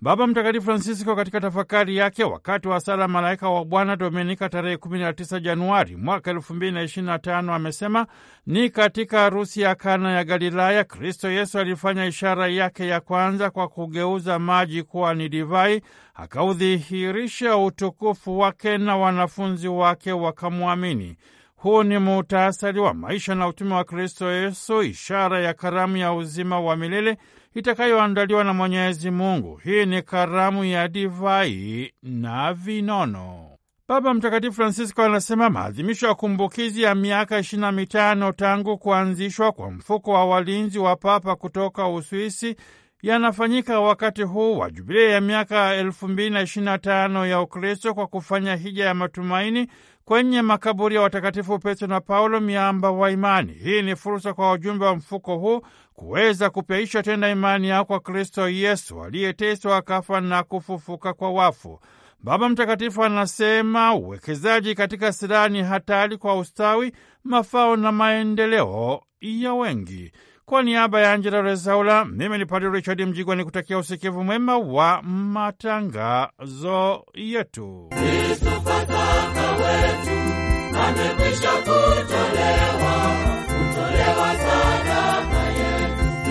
Baba Mtakatifu Francisco katika tafakari yake wakati wa sala Malaika wa Bwana Dominika tarehe 19 Januari mwaka 2025 amesema ni katika harusi ya Kana ya Galilaya Kristo Yesu alifanya ishara yake ya kwanza kwa kugeuza maji kuwa ni divai, akaudhihirisha utukufu wake na wanafunzi wake wakamwamini. Huu ni muhtasari wa maisha na utume wa Kristo Yesu, ishara ya karamu ya uzima wa milele itakayoandaliwa na Mwenyezi Mungu. Hii ni karamu ya divai na vinono. Baba Mtakatifu Francisco anasema maadhimisho ya kumbukizi ya miaka ishirini mitano tangu kuanzishwa kwa mfuko wa walinzi wa papa kutoka Uswisi yanafanyika wakati huu wa jubilei ya miaka elfu mbili na tano ya Ukristo kwa kufanya hija ya matumaini kwenye makaburi ya watakatifu Petro na Paulo, miamba wa imani. Hii ni fursa kwa wajumbe wa mfuko huu kuweza kupyaisha tena imani yao kwa Kristo Yesu aliyeteswa akafa na kufufuka kwa wafu. Baba Mtakatifu anasema uwekezaji katika silaha ni hatari kwa ustawi, mafao na maendeleo ya wengi. Kwa niaba ya Angela Rezaula, mimi ni Padre Richard Mjigwa ni kutakia usikivu mwema wa matangazo yetu. Amekwisha kutolewa, kutolewa sadaka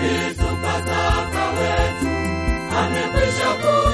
Yesu Pasaka wetu amekwisha kuja.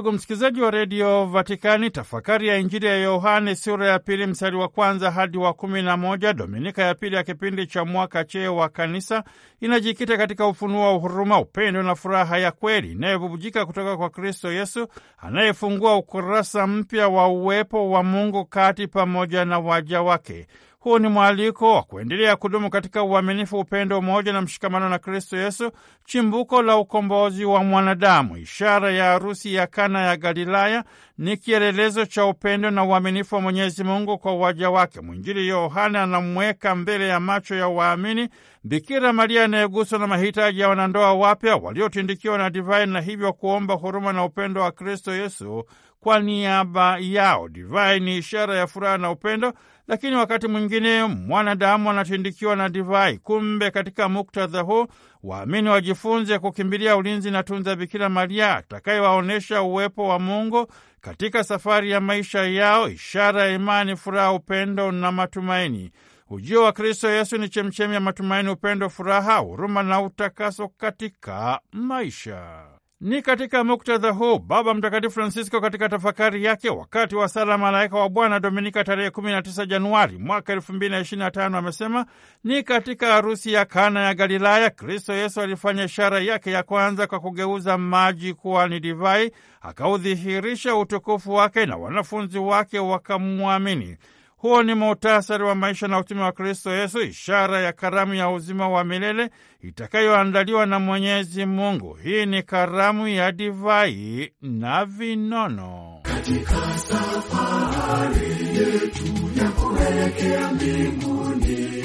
Ndugu msikilizaji wa redio Vatikani, tafakari ya Injili ya Yohane sura ya pili mstari wa kwanza hadi wa kumi na moja dominika ya pili ya kipindi cha mwaka chee wa Kanisa inajikita katika ufunuo wa uhuruma, upendo na furaha ya kweli inayobubujika kutoka kwa Kristo Yesu anayefungua ukurasa mpya wa uwepo wa Mungu kati pamoja na waja wake. Huu ni mwaliko wa kuendelea kudumu katika uaminifu, upendo, umoja na mshikamano na Kristo Yesu, chimbuko la ukombozi wa mwanadamu. Ishara ya harusi ya Kana ya Galilaya ni kielelezo cha upendo na uaminifu wa Mwenyezi Mungu kwa waja wake. Mwinjili Yohana anamweka mbele ya macho ya waamini Bikira Maria anayeguswa na mahitaji ya wanandoa wapya waliotindikiwa na divai na hivyo kuomba huruma na upendo wa Kristo Yesu kwa niaba yao. Divai ni ishara ya furaha na upendo, lakini wakati mwingine mwanadamu anatindikiwa na divai. Kumbe katika muktadha huu waamini wajifunze kukimbilia ulinzi na tunza Bikira Maria atakayewaonyesha uwepo wa Mungu katika safari ya maisha yao, ishara ya imani, furaha, upendo na matumaini. Ujio wa Kristo Yesu ni chemchemi ya matumaini, upendo, furaha, huruma na utakaso katika maisha. Ni katika muktadha huu Baba Mtakatifu Francisco katika tafakari yake wakati wa sala Malaika wa Bwana Dominika tarehe 19 Januari mwaka 2025 amesema ni katika harusi ya Kana ya Galilaya Kristo Yesu alifanya ishara yake ya kwanza kwa kugeuza maji kuwa ni divai, akaudhihirisha utukufu wake na wanafunzi wake wakamwamini. Huo ni muhtasari wa maisha na utume wa Kristo Yesu, ishara ya karamu ya uzima wa milele itakayoandaliwa na Mwenyezi Mungu. Hii ni karamu ya divai na vinono. Katika safari yetu ya kuelekea mbinguni,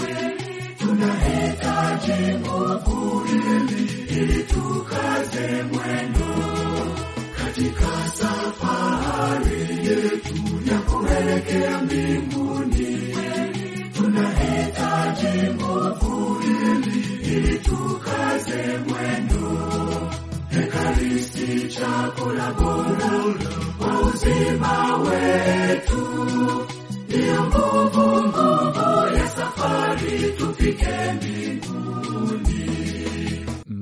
tunahitaji nguvu ili tukaze mwendo. Katika safari yetu ya kuelekea mbinguni tukaze mwendo, Ekaristi chakula bora kwa uzima wetu, ndiyo nguvu nguvu ya safari tu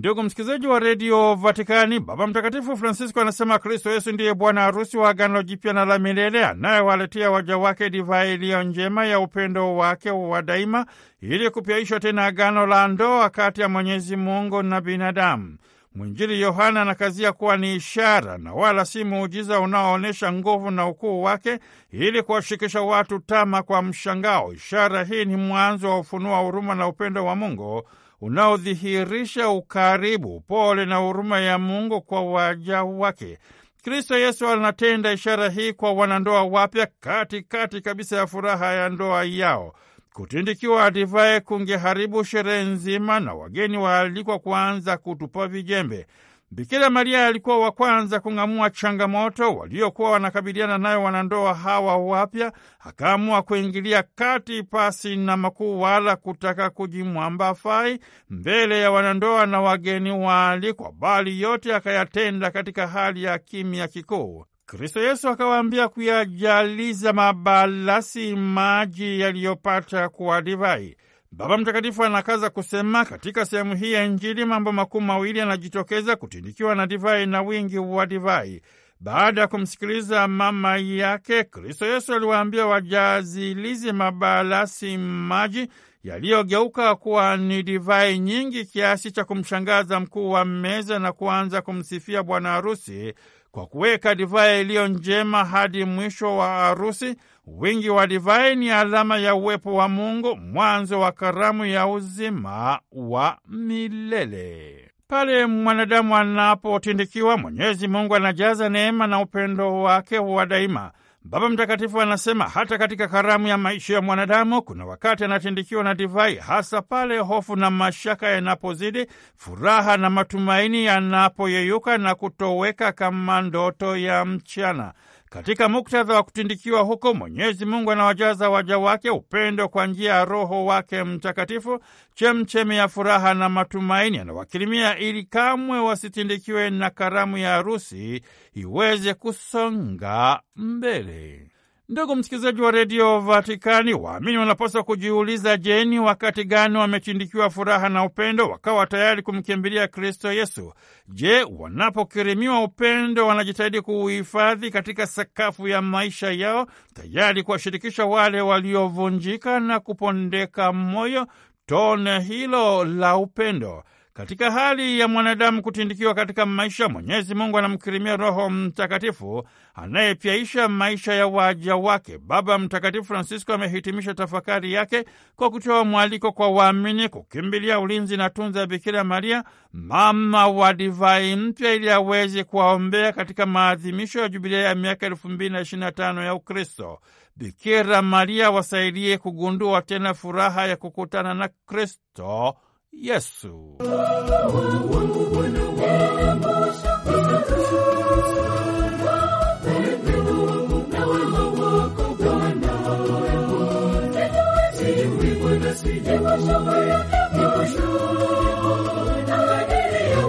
Ndugu msikilizaji wa redio Vatikani, Baba Mtakatifu Francisco anasema Kristo Yesu ndiye bwana harusi wa agano jipya na la milele, anayewaletea waja wake divai iliyo njema ya upendo wake wa daima, ili kupyaishwa tena agano la ndoa kati ya Mwenyezi Mungu na binadamu. Mwinjili Yohana anakazia kuwa ni ishara na wala si muujiza unaoonyesha nguvu na ukuu wake ili kuwashikisha watu tama kwa mshangao. Ishara hii ni mwanzo wa ufunuo wa huruma na upendo wa Mungu unaodhihirisha ukaribu, pole na huruma ya Mungu kwa waja wake. Kristo Yesu anatenda ishara hii kwa wanandoa wapya katikati kabisa ya furaha ya ndoa yao. Kutindikiwa divai kungeharibu sherehe nzima, na wageni waalikwa kuanza kutupa vijembe. Bikira Maria alikuwa wa kwanza kung'amua changamoto waliokuwa wanakabiliana nayo wanandoa hawa wapya, akaamua kuingilia kati pasi na makuu wala kutaka kujimwamba fai mbele ya wanandoa na wageni waalikwa, bali yote akayatenda katika hali ya kimya kikuu. Kristo Yesu akawaambia kuyajaliza mabalasi maji yaliyopata kuwa divai. Baba Mtakatifu anakaza kusema katika sehemu hii ya Injili mambo makuu mawili yanajitokeza kutindikiwa na divai na wingi wa divai. Baada ya kumsikiliza mama yake, Kristo Yesu aliwaambia wajazilizi mabalasi maji yaliyogeuka kuwa ni divai nyingi kiasi cha kumshangaza mkuu wa meza na kuanza kumsifia bwana harusi kwa kuweka divai iliyo njema hadi mwisho wa harusi. Wingi wa divai ni alama ya uwepo wa Mungu, mwanzo wa karamu ya uzima wa milele. Pale mwanadamu anapotindikiwa, Mwenyezi Mungu anajaza neema na upendo wake wa daima. Baba Mtakatifu anasema hata katika karamu ya maisha ya mwanadamu kuna wakati anatindikiwa na divai, hasa pale hofu na mashaka yanapozidi, furaha na matumaini yanapoyeyuka na kutoweka kama ndoto ya mchana. Katika muktadha wa kutindikiwa huko, Mwenyezi Mungu anawajaza waja wake upendo kwa njia ya Roho wake Mtakatifu, chemchemi ya furaha na matumaini anawakirimia, ili kamwe wasitindikiwe na karamu ya harusi iweze kusonga mbele. Ndugu msikilizaji wa redio Vatikani, waamini wanapaswa kujiuliza, je, ni wakati gani wamechindikiwa furaha na upendo wakawa tayari kumkimbilia Kristo Yesu? Je, wanapokirimiwa upendo wanajitahidi kuuhifadhi katika sakafu ya maisha yao, tayari kuwashirikisha wale waliovunjika na kupondeka moyo tone hilo la upendo? Katika hali ya mwanadamu kutindikiwa katika maisha, Mwenyezi Mungu anamkirimia Roho Mtakatifu anayepyaisha maisha ya waja wake. Baba Mtakatifu Francisco amehitimisha tafakari yake kwa kutoa mwaliko kwa waamini kukimbilia ulinzi na tunza ya Bikira Maria, mama wa divai mpya, ili aweze kuwaombea katika maadhimisho ya jubilia ya miaka elfu mbili na ishirini na tano ya Ukristo. Bikira Maria wasaidie kugundua tena furaha ya kukutana na Kristo. Yesu.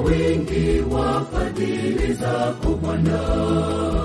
Wingi wa fadhili zako Bwana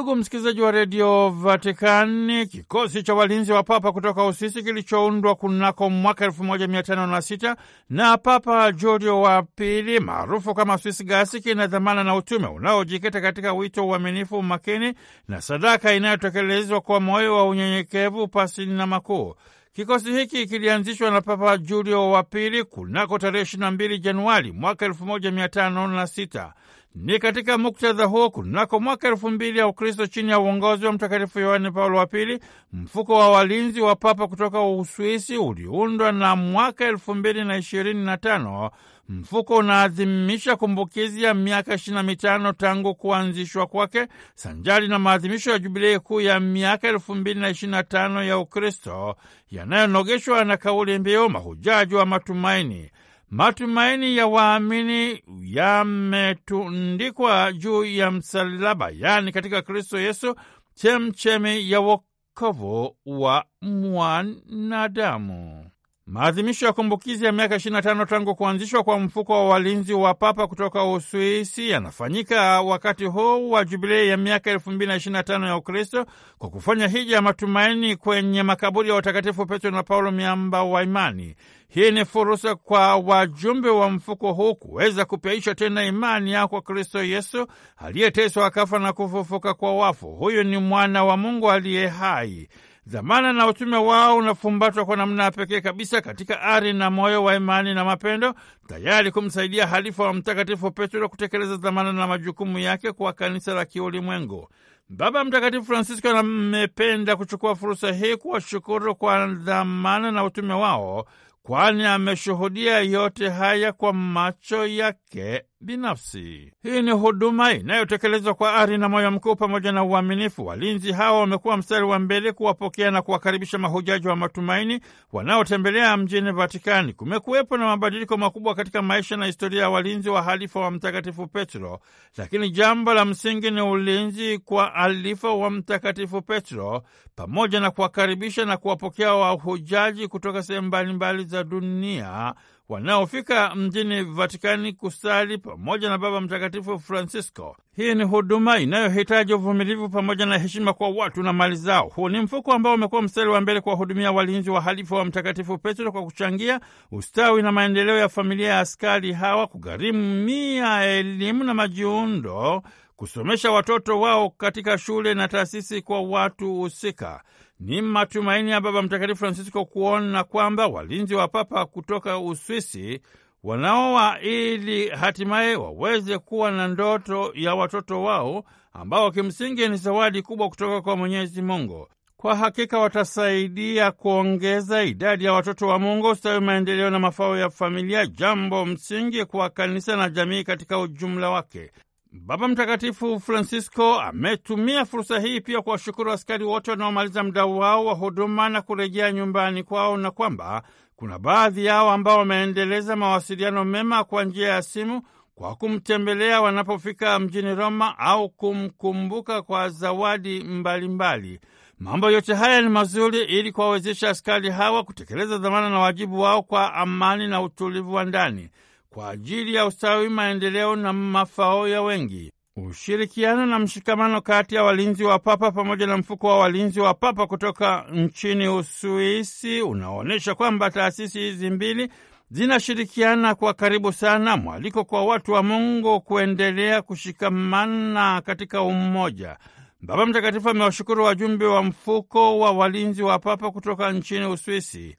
Ndugu msikilizaji wa redio Vatikani, kikosi cha walinzi wa papa kutoka Uswisi kilichoundwa kunako mwaka elfu moja mia tano na sita na Papa Julio wa Pili maarufu kama Swiss Gasi kina dhamana na utume unaojikita katika wito, uaminifu, umakini na sadaka inayotekelezwa kwa moyo wa unyenyekevu pasini na makuu. Kikosi hiki kilianzishwa na Papa Julio wa Pili kunako tarehe 22 Januari mwaka 1506. Ni katika muktadha huo kunako mwaka elfu mbili ya Ukristo chini ya uongozi wa Mtakatifu Yohane Paulo wa Pili, mfuko wa walinzi wa papa kutoka Uswisi uliundwa na mwaka elfu mbili na ishirini na tano Mfuko unaadhimisha kumbukizi ya miaka ishirini na mitano tangu kuanzishwa kwake sanjari na maadhimisho ya jubilei kuu ya miaka elfu mbili na ishirini na tano ya Ukristo yanayonogeshwa na kauli mbiu mahujaji wa matumaini. Matumaini ya waamini yametundikwa juu ya msalaba, yaani katika Kristo Yesu, chemchemi ya wokovu wa mwanadamu. Maadhimisho ya kumbukizi ya miaka 25 tangu kuanzishwa kwa mfuko wa walinzi wa papa kutoka Uswisi yanafanyika wakati huu wa jubilei ya miaka 2025 ya Ukristo kwa kufanya hija ya matumaini kwenye makaburi ya watakatifu Petro na Paulo, miamba wa imani. Hii ni fursa kwa wajumbe wa mfuko huu kuweza kupeisha tena imani yao kwa Kristo Yesu aliyeteswa akafa na kufufuka kwa wafu. Huyu ni mwana wa Mungu aliye hai. Dhamana na utume wao unafumbatwa kwa namna ya pekee kabisa katika ari na moyo wa imani na mapendo, tayari kumsaidia halifa wa Mtakatifu Petro kutekeleza dhamana na majukumu yake kwa kanisa la kiulimwengu. Baba Mtakatifu Francisco amependa kuchukua fursa hii kuwashukuru kwa dhamana na utume wao, kwani ameshuhudia yote haya kwa macho yake binafsi. Hii ni huduma inayotekelezwa kwa ari na moyo mkuu pamoja na uaminifu. Walinzi hawa wamekuwa mstari wa mbele kuwapokea na kuwakaribisha mahujaji wa matumaini wanaotembelea mjini Vatikani. Kumekuwepo na mabadiliko makubwa katika maisha na historia ya walinzi wa halifa wa Mtakatifu Petro, lakini jambo la msingi ni ulinzi kwa halifa wa Mtakatifu Petro pamoja na kuwakaribisha na kuwapokea wahujaji kutoka sehemu mbalimbali za dunia wanaofika mjini Vatikani kusali pamoja na Baba Mtakatifu Francisco. Hii ni huduma inayohitaji uvumilivu pamoja na heshima kwa watu na mali zao. Huu ni mfuko ambao umekuwa mstari wa mbele kuwahudumia walinzi wa halifa wa Mtakatifu Petro kwa kuchangia ustawi na maendeleo ya familia ya askari hawa, kugharimu mia elimu na majiundo, kusomesha watoto wao katika shule na taasisi kwa watu husika. Ni matumaini ya Baba Mtakatifu Francisco kuona kwamba walinzi wa Papa kutoka Uswisi wanaoa ili hatimaye waweze kuwa na ndoto ya watoto wao ambao kimsingi ni zawadi kubwa kutoka kwa Mwenyezi Mungu. Kwa hakika watasaidia kuongeza idadi ya watoto wa Mungu, ustawi, maendeleo na mafao ya familia, jambo msingi kwa kanisa na jamii katika ujumla wake. Baba Mtakatifu Francisco ametumia fursa hii pia kuwashukuru askari wote wanaomaliza muda wao wa huduma na kurejea nyumbani kwao, na kwamba kuna baadhi yao ambao wameendeleza mawasiliano mema kwa njia ya simu kwa kumtembelea wanapofika mjini Roma au kumkumbuka kwa zawadi mbalimbali mbali. Mambo yote haya ni mazuri ili kuwawezesha askari hawa kutekeleza dhamana na wajibu wao kwa amani na utulivu wa ndani kwa ajili ya ustawi, maendeleo na mafao ya wengi. Ushirikiano na mshikamano kati ya walinzi wa papa pamoja na mfuko wa walinzi wa papa kutoka nchini Uswisi unaonyesha kwamba taasisi hizi mbili zinashirikiana kwa karibu sana. Mwaliko kwa watu wa Mungu kuendelea kushikamana katika umoja. Baba Mtakatifu amewashukuru wajumbe wa mfuko wa walinzi wa papa kutoka nchini Uswisi.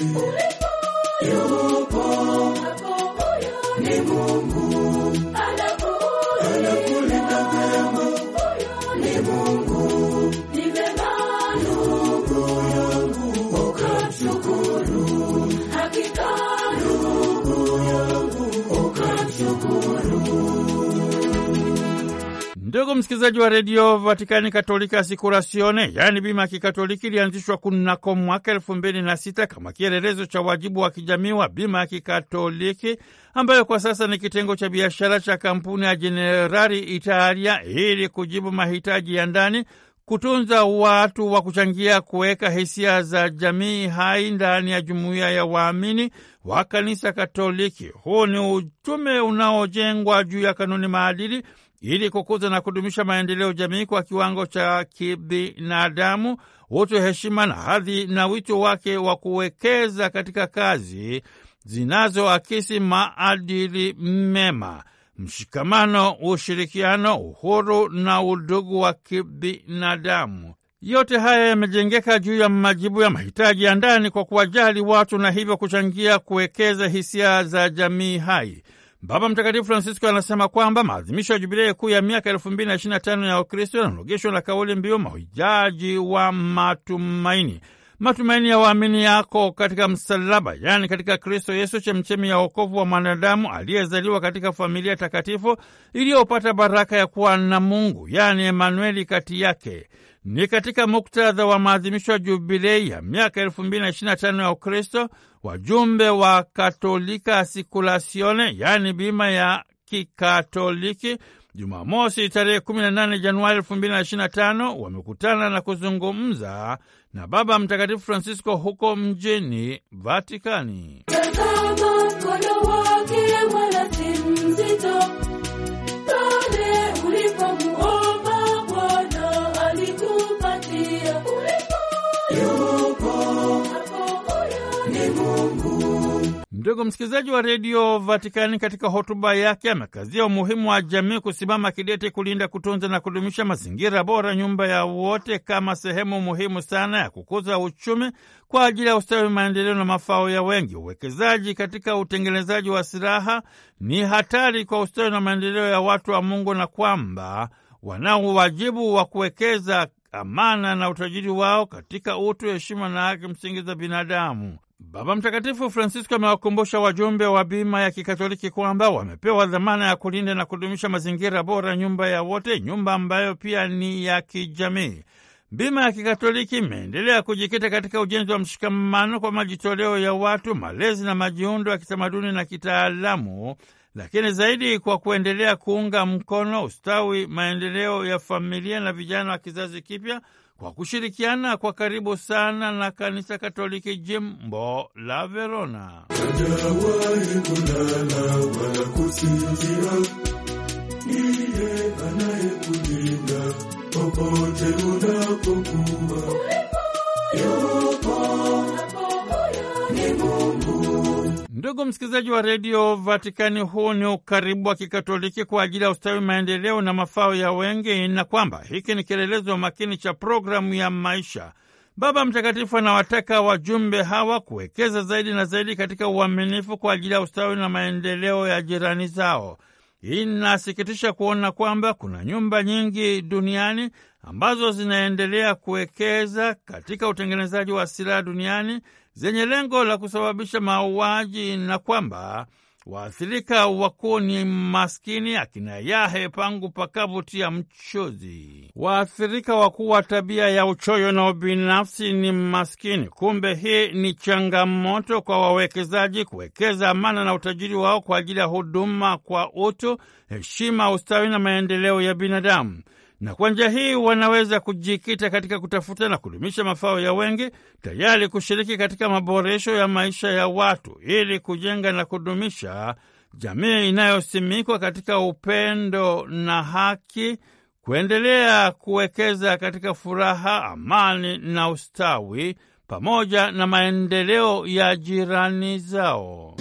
无哩。Ndugu msikilizaji wa redio Vatikani, Katolika Asikurazione, yaani bima ya kikatoliki ilianzishwa kunako mwaka elfu mbili na sita kama kielelezo cha wajibu wa kijamii wa bima ya kikatoliki ambayo kwa sasa ni kitengo cha biashara cha kampuni ya Jenerali Italia ili kujibu mahitaji ya ndani, kutunza watu wa kuchangia kuweka hisia za jamii hai ndani ya jumuiya ya waamini wa kanisa Katoliki. Huu ni uchume unaojengwa juu ya kanuni maadili ili kukuza na kudumisha maendeleo jamii kwa kiwango cha kibinadamu, utu, heshima na hadhi, na wito wake wa kuwekeza katika kazi zinazoakisi maadili mema, mshikamano, ushirikiano, uhuru na udugu wa kibinadamu. Yote haya yamejengeka juu ya majibu ya mahitaji ya ndani kwa kuwajali watu na hivyo kuchangia kuwekeza hisia za jamii hai. Baba Mtakatifu Francisco anasema kwamba maadhimisho ya jubilei kuu ya miaka elfu mbili na ishirini na tano ya Ukristo yananogeshwa na kauli mbiu mahujaji wa matumaini matumaini ya waamini yako katika msalaba, yaani katika Kristo Yesu, chemchemi ya wokovu wa mwanadamu aliyezaliwa katika familia takatifu iliyopata baraka ya kuwa na Mungu, yaani Emanueli kati yake. Ni katika muktadha wa maadhimisho ya jubilei ya miaka elfu ya Ukristo, wajumbe wa Katolika Sikulasione, yaani bima ya Kikatoliki Jumamosi tarehe 18 Januari 2025 wamekutana na kuzungumza na Baba Mtakatifu Francisco huko mjini Vatikani. Ndugu msikilizaji wa redio Vatikani, katika hotuba yake amekazia umuhimu wa jamii kusimama kidete kulinda, kutunza na kudumisha mazingira bora, nyumba ya wote, kama sehemu muhimu sana ya kukuza uchumi kwa ajili ya ustawi, maendeleo na mafao ya wengi. Uwekezaji katika utengenezaji wa silaha ni hatari kwa ustawi na maendeleo ya watu wa Mungu, na kwamba wanao wajibu wa kuwekeza amana na utajiri wao katika utu, heshima na haki msingi za binadamu. Baba Mtakatifu Francisco amewakumbusha wajumbe wa bima ya kikatoliki kwamba wamepewa dhamana ya kulinda na kudumisha mazingira bora, nyumba ya wote, nyumba ambayo pia ni ya kijamii. Bima ya kikatoliki imeendelea kujikita katika ujenzi wa mshikamano kwa majitoleo ya watu, malezi na majiundo ya kitamaduni na kitaalamu lakini zaidi kwa kuendelea kuunga mkono ustawi, maendeleo ya familia na vijana wa kizazi kipya kwa kushirikiana kwa karibu sana na Kanisa Katoliki jimbo la Verona. popote unapokuwa. Ndugu msikilizaji wa redio Vatikani, huu ni ukaribu wa kikatoliki kwa ajili ya ustawi, maendeleo na mafao ya wengi, na kwamba hiki ni kielelezo makini cha programu ya maisha. Baba Mtakatifu anawataka wajumbe hawa kuwekeza zaidi na zaidi katika uaminifu kwa ajili ya ustawi na maendeleo ya jirani zao. Inasikitisha kuona kwamba kuna nyumba nyingi duniani ambazo zinaendelea kuwekeza katika utengenezaji wa silaha duniani zenye lengo la kusababisha mauaji na kwamba waathirika wakuu ni maskini akina Yahe pangu pakavutia mchuzi. Waathirika wakuu wa tabia ya uchoyo na ubinafsi ni maskini. Kumbe hii ni changamoto kwa wawekezaji kuwekeza amana na utajiri wao kwa ajili ya huduma kwa utu, heshima, ustawi na maendeleo ya binadamu na kwa njia hii wanaweza kujikita katika kutafuta na kudumisha mafao ya wengi, tayari kushiriki katika maboresho ya maisha ya watu ili kujenga na kudumisha jamii inayosimikwa katika upendo na haki, kuendelea kuwekeza katika furaha, amani na ustawi pamoja na maendeleo ya jirani zao.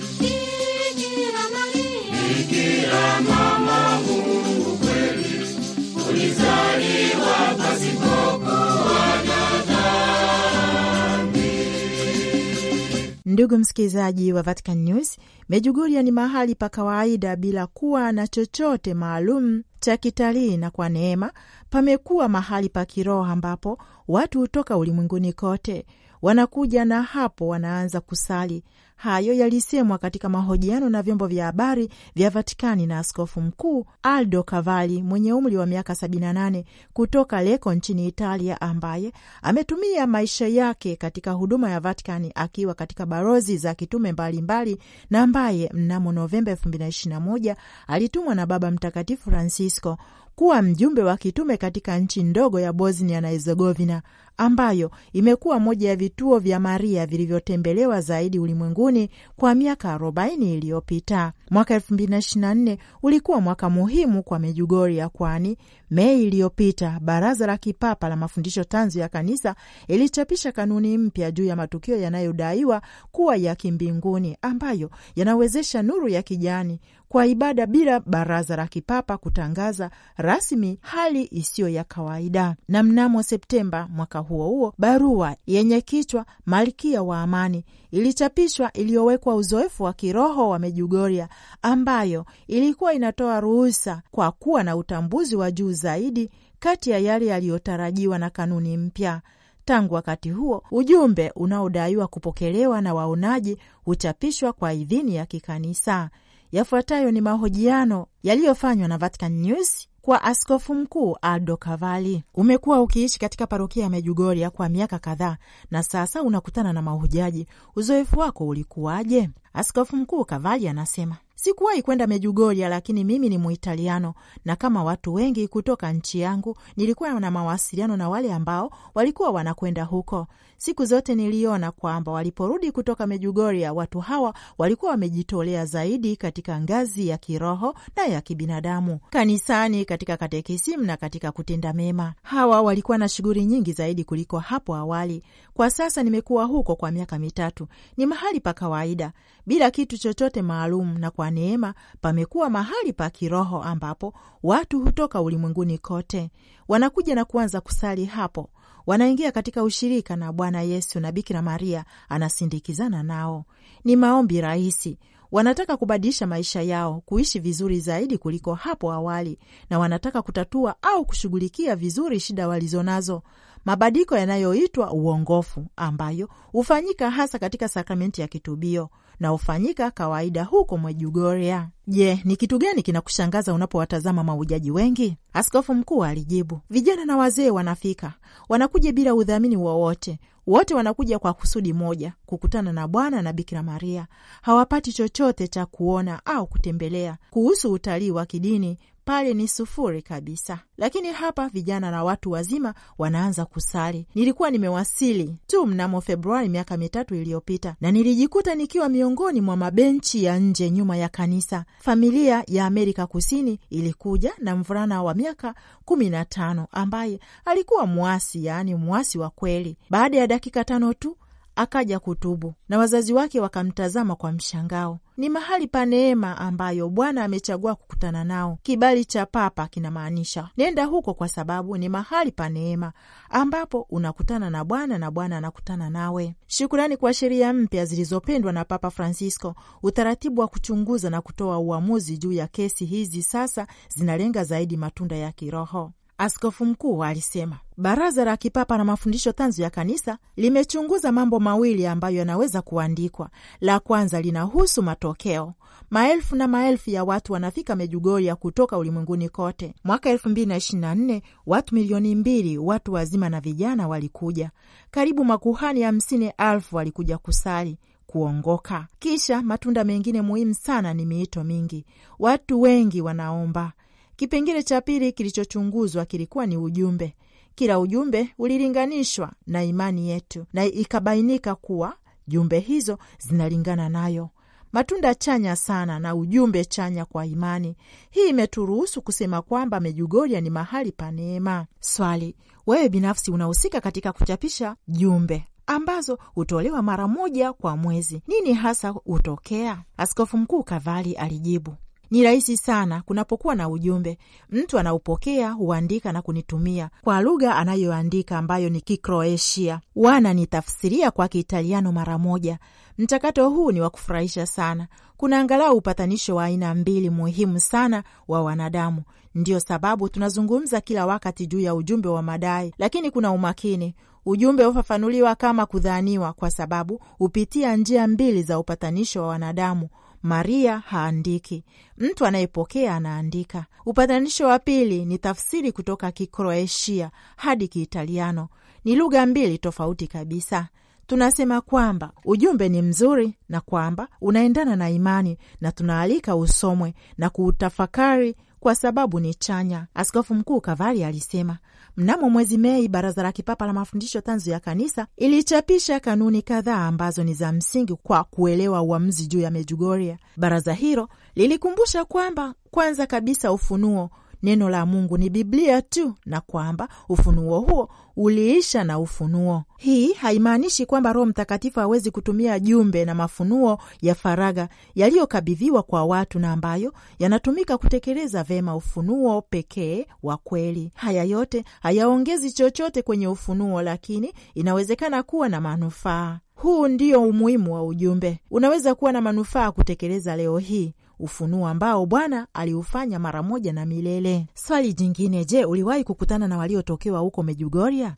Ndugu msikilizaji wa Vatican News, mejuguria ni mahali pa kawaida bila kuwa na chochote maalum cha kitalii, na kwa neema pamekuwa mahali pa kiroho ambapo watu hutoka ulimwenguni kote wanakuja na hapo wanaanza kusali Hayo yalisemwa katika mahojiano na vyombo vya habari vya Vatikani na askofu mkuu Aldo Cavali mwenye umri wa miaka 78 kutoka Leko nchini Italia, ambaye ametumia maisha yake katika huduma ya Vatikani akiwa katika barozi za kitume mbalimbali mbali, na ambaye mnamo Novemba 2021 alitumwa na Baba Mtakatifu Francisco kuwa mjumbe wa kitume katika nchi ndogo ya Bosnia na Herzegovina ambayo imekuwa moja ya vituo vya Maria vilivyotembelewa zaidi ulimwenguni kwa miaka 40 iliyopita. Mwaka 2024 ulikuwa mwaka muhimu kwa Mejugoria, kwani Mei iliyopita Baraza la Kipapa la Mafundisho Tanzu ya Kanisa ilichapisha kanuni mpya juu ya matukio yanayodaiwa kuwa ya kimbinguni ambayo yanawezesha nuru ya kijani kwa ibada bila baraza la kipapa kutangaza rasmi hali isiyo ya kawaida. Na mnamo Septemba mwaka huo huo, barua yenye kichwa Malkia wa Amani ilichapishwa, iliyowekwa uzoefu wa kiroho wa Mejugoria, ambayo ilikuwa inatoa ruhusa kwa kuwa na utambuzi wa juu zaidi kati ya yale yaliyotarajiwa na kanuni mpya. Tangu wakati huo ujumbe unaodaiwa kupokelewa na waonaji huchapishwa kwa idhini ya kikanisa. Yafuatayo ni mahojiano yaliyofanywa na Vatican News kwa Askofu Mkuu Aldo kavali Umekuwa ukiishi katika parokia ya mejugoria kwa miaka kadhaa na sasa unakutana na mahujaji. Uzoefu wako ulikuwaje? Askofu Mkuu kavali anasema Sikuwahi kwenda mejugoria lakini mimi ni Muitaliano na kama watu wengi kutoka nchi yangu, nilikuwa na mawasiliano na wale ambao walikuwa wanakwenda huko. Siku zote niliona kwamba waliporudi kutoka Mejugoria, watu hawa walikuwa wamejitolea zaidi katika ngazi ya kiroho na ya kibinadamu, kanisani, katika katekisimu na katika kutenda mema. Hawa walikuwa na shughuli nyingi zaidi kuliko hapo awali. Kwa sasa nimekuwa huko kwa miaka mitatu. Ni mahali pa kawaida bila kitu chochote maalum, na kwa neema pamekuwa mahali pa kiroho ambapo watu hutoka ulimwenguni kote wanakuja na kuanza kusali hapo wanaingia katika ushirika na Bwana Yesu na Bikira Maria anasindikizana nao. Ni maombi rahisi. Wanataka kubadilisha maisha yao kuishi vizuri zaidi kuliko hapo awali, na wanataka kutatua au kushughulikia vizuri shida walizonazo mabadiliko yanayoitwa uongofu, ambayo hufanyika hasa katika sakramenti ya kitubio na hufanyika kawaida huko Mwejugoria. Je, ni kitu gani kinakushangaza unapowatazama maujaji wengi? Askofu mkuu alijibu, vijana na wazee wanafika, wanakuja bila udhamini wowote wote wanakuja kwa kusudi moja, kukutana na Bwana na Bikira Maria. Hawapati chochote cha kuona au kutembelea. Kuhusu utalii wa kidini, pale ni sufuri kabisa, lakini hapa vijana na watu wazima wanaanza kusali. Nilikuwa nimewasili tu mnamo Februari miaka mitatu iliyopita, na nilijikuta nikiwa miongoni mwa mabenchi ya nje nyuma ya kanisa. Familia ya Amerika Kusini ilikuja na mvulana wa miaka kumi na tano ambaye alikuwa mwasi, yaani mwasi wa kweli. Baada ya dakika tano tu akaja kutubu na wazazi wake wakamtazama kwa mshangao. Ni mahali pa neema ambayo Bwana amechagua kukutana nao. Kibali cha papa kinamaanisha nenda huko, kwa sababu ni mahali pa neema ambapo unakutana na Bwana na Bwana anakutana nawe. Shukurani kwa sheria mpya zilizopendwa na Papa Francisco. Utaratibu wa kuchunguza na kutoa uamuzi juu ya kesi hizi sasa zinalenga zaidi matunda ya kiroho. Askofu mkuu alisema baraza la kipapa na mafundisho tanzu ya kanisa limechunguza mambo mawili ambayo yanaweza kuandikwa. La kwanza linahusu matokeo. Maelfu na maelfu ya watu wanafika Mejugoria kutoka ulimwenguni kote. Mwaka elfu mbili na na nne watu milioni mbili, watu wazima na vijana, walikuja. Karibu makuhani hamsini elfu walikuja kusali kuongoka. Kisha matunda mengine muhimu sana ni miito mingi. Watu wengi wanaomba Kipengele cha pili kilichochunguzwa kilikuwa ni ujumbe. Kila ujumbe ulilinganishwa na imani yetu, na ikabainika kuwa jumbe hizo zinalingana nayo matunda chanya sana na ujumbe chanya kwa imani. Hii imeturuhusu kusema kwamba Mejugoria ni mahali pa neema. Swali: wewe binafsi unahusika katika kuchapisha jumbe ambazo hutolewa mara moja kwa mwezi. Nini hasa hutokea? Askofu Mkuu Kavali alijibu, ni rahisi sana kunapokuwa na ujumbe, mtu anaupokea, huandika na kunitumia kwa lugha anayoandika ambayo ni Kikroeshia, wana nitafsiria kwa Kiitaliano mara moja. Mchakato huu ni wa kufurahisha sana. Kuna angalau upatanisho wa aina mbili muhimu sana wa wanadamu. Ndiyo sababu tunazungumza kila wakati juu ya ujumbe wa madai, lakini kuna umakini. Ujumbe hufafanuliwa kama kudhaniwa, kwa sababu hupitia njia mbili za upatanisho wa wanadamu: Maria haandiki, mtu anayepokea anaandika. Upatanisho wa pili ni tafsiri kutoka Kikroeshia hadi Kiitaliano, ni lugha mbili tofauti kabisa. Tunasema kwamba ujumbe ni mzuri na kwamba unaendana na imani na tunaalika usomwe na kuutafakari kwa sababu ni chanya. Askofu Mkuu Kavali alisema Mnamo mwezi Mei, Baraza la Kipapa la Mafundisho Tanzu ya Kanisa ilichapisha kanuni kadhaa ambazo ni za msingi kwa kuelewa uamuzi juu ya Medjugorje. Baraza hilo lilikumbusha kwamba kwanza kabisa ufunuo neno la Mungu ni Biblia tu na kwamba ufunuo huo uliisha na ufunuo. Hii haimaanishi kwamba Roho Mtakatifu hawezi kutumia jumbe na mafunuo ya faragha yaliyokabidhiwa kwa watu na ambayo yanatumika kutekeleza vema ufunuo pekee wa kweli. Haya yote hayaongezi chochote kwenye ufunuo, lakini inawezekana kuwa na manufaa. Huu ndio umuhimu wa ujumbe. Unaweza kuwa na manufaa kutekeleza leo hii ufunuo ambao Bwana aliufanya mara moja na milele. Swali jingine, je, uliwahi kukutana na waliotokewa huko Mejugoria?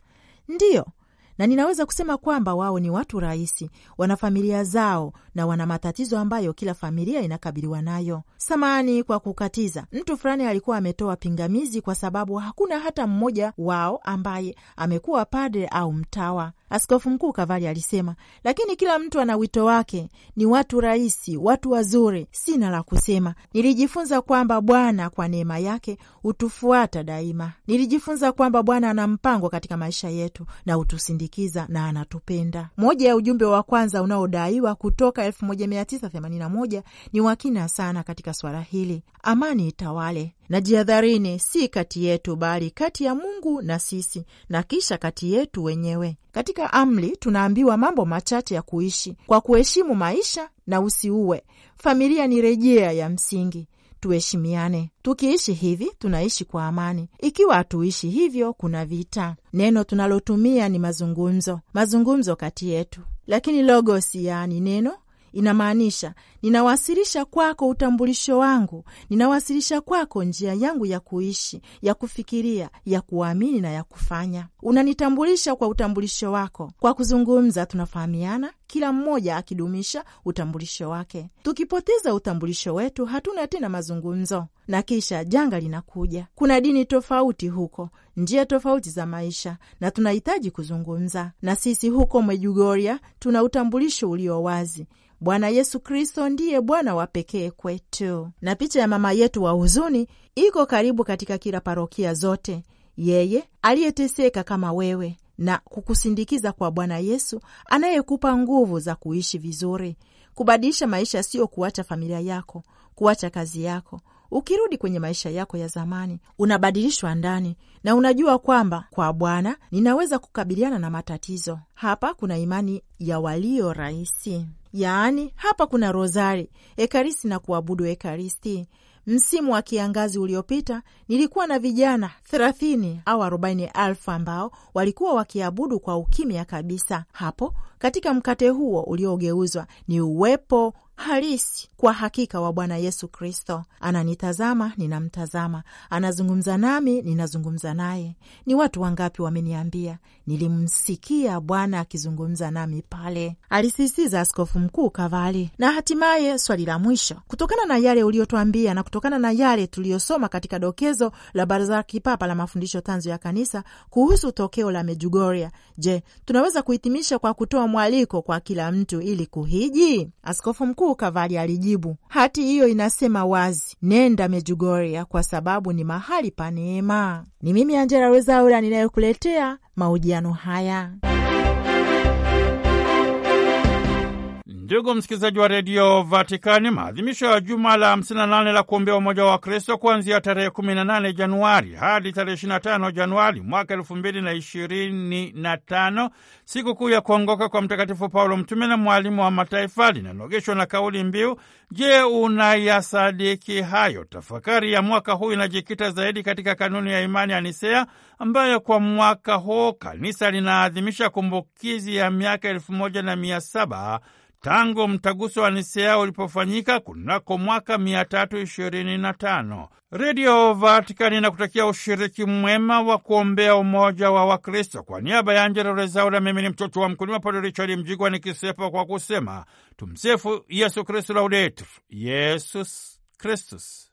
Ndiyo, na ninaweza kusema kwamba wao ni watu rahisi, wana familia zao na wana matatizo ambayo kila familia inakabiliwa nayo. Samani kwa kukatiza, mtu fulani alikuwa ametoa pingamizi kwa sababu hakuna hata mmoja wao ambaye amekuwa padre au mtawa. Askofu Mkuu Kavali alisema, lakini kila mtu ana wito wake. Ni watu rahisi, watu wazuri, sina la kusema. Nilijifunza kwamba Bwana kwa neema yake hutufuata daima. Nilijifunza kwamba Bwana ana mpango katika maisha yetu na utusindi anatusindikiza na anatupenda. Moja ya ujumbe wa kwanza unaodaiwa kutoka 1981 ni wakina sana katika swala hili: amani itawale na jihadharini, si kati yetu, bali kati ya Mungu na sisi, na kisha kati yetu wenyewe. Katika amri tunaambiwa mambo machache ya kuishi kwa kuheshimu maisha na usiue. Familia ni rejea ya msingi tuheshimiane. Tukiishi hivi, tunaishi kwa amani. Ikiwa hatuishi hivyo, kuna vita. Neno tunalotumia ni mazungumzo, mazungumzo kati yetu, lakini logos, yaani neno Inamaanisha ninawasilisha kwako utambulisho wangu, ninawasilisha kwako njia yangu ya kuishi, ya kufikiria, ya kuamini na ya kufanya. Unanitambulisha kwa utambulisho wako. Kwa kuzungumza tunafahamiana, kila mmoja akidumisha utambulisho wake. Tukipoteza utambulisho wetu, hatuna tena mazungumzo, na kisha janga linakuja. Kuna dini tofauti huko, njia tofauti za maisha, na tunahitaji kuzungumza. Na sisi huko Međugorje tuna utambulisho ulio wazi Bwana Yesu Kristo ndiye Bwana wa pekee kwetu. Na picha ya mama yetu wa huzuni iko karibu katika kila parokia zote, yeye aliyeteseka kama wewe na kukusindikiza kwa Bwana Yesu anayekupa nguvu za kuishi vizuri. Kubadilisha maisha sio kuacha familia yako, kuacha kazi yako. Ukirudi kwenye maisha yako ya zamani, unabadilishwa ndani na unajua kwamba kwa Bwana ninaweza kukabiliana na matatizo. Hapa kuna imani ya walio rahisi. Yaani hapa kuna rozari, ekaristi na kuabudu ekaristi. Msimu wa kiangazi uliopita nilikuwa na vijana thelathini au arobaini elfu ambao walikuwa wakiabudu kwa ukimya kabisa. Hapo katika mkate huo uliogeuzwa ni uwepo halisi kwa hakika wa Bwana Yesu Kristo. Ananitazama, ninamtazama; anazungumza nami, ninazungumza naye. Ni watu wangapi wameniambia nilimsikia Bwana akizungumza nami pale, alisisitiza Askofu Mkuu Kavali. Na hatimaye swali la mwisho, kutokana na yale uliyotwambia na kutokana na yale tuliyosoma katika dokezo la Baraza la Kipapa la Mafundisho Tanzu ya Kanisa kuhusu tokeo la Mejugoria, je, tunaweza kuhitimisha kwa kutoa mwaliko kwa kila mtu ili kuhiji? Askofu Mkuu Mkuu Kavali alijibu, hati hiyo inasema wazi, nenda mejugoria kwa sababu ni mahali pa neema. Ni mimi Angela Rwezaura ninayekuletea mahojiano haya. Ndugu msikilizaji wa redio Vatikani, maadhimisho ya juma la 58 la kuombea umoja wa Kristo kuanzia tarehe 18 Januari hadi tarehe 25 Januari mwaka 2025, siku kuu ya kuongoka kwa Mtakatifu Paulo mtume na mwalimu wa mataifa, linanogeshwa na kauli mbiu, Je, unayasadiki hayo? Tafakari ya mwaka huu inajikita zaidi katika kanuni ya imani ya Nisea ambayo kwa mwaka huu kanisa linaadhimisha kumbukizi ya miaka 17 tangu mtaguso wa Nisea ulipofanyika kunako mwaka 325. Redio Vatikani inakutakia ushiriki mwema wa kuombea umoja wa Wakristo. Kwa niaba ya Angela Rezaula, mimi ni mtoto wa mkulima Padre Richard Mjigwa nikisepa kwa kusema tumsifu Yesu Kristu, laudetur Yesus Kristus.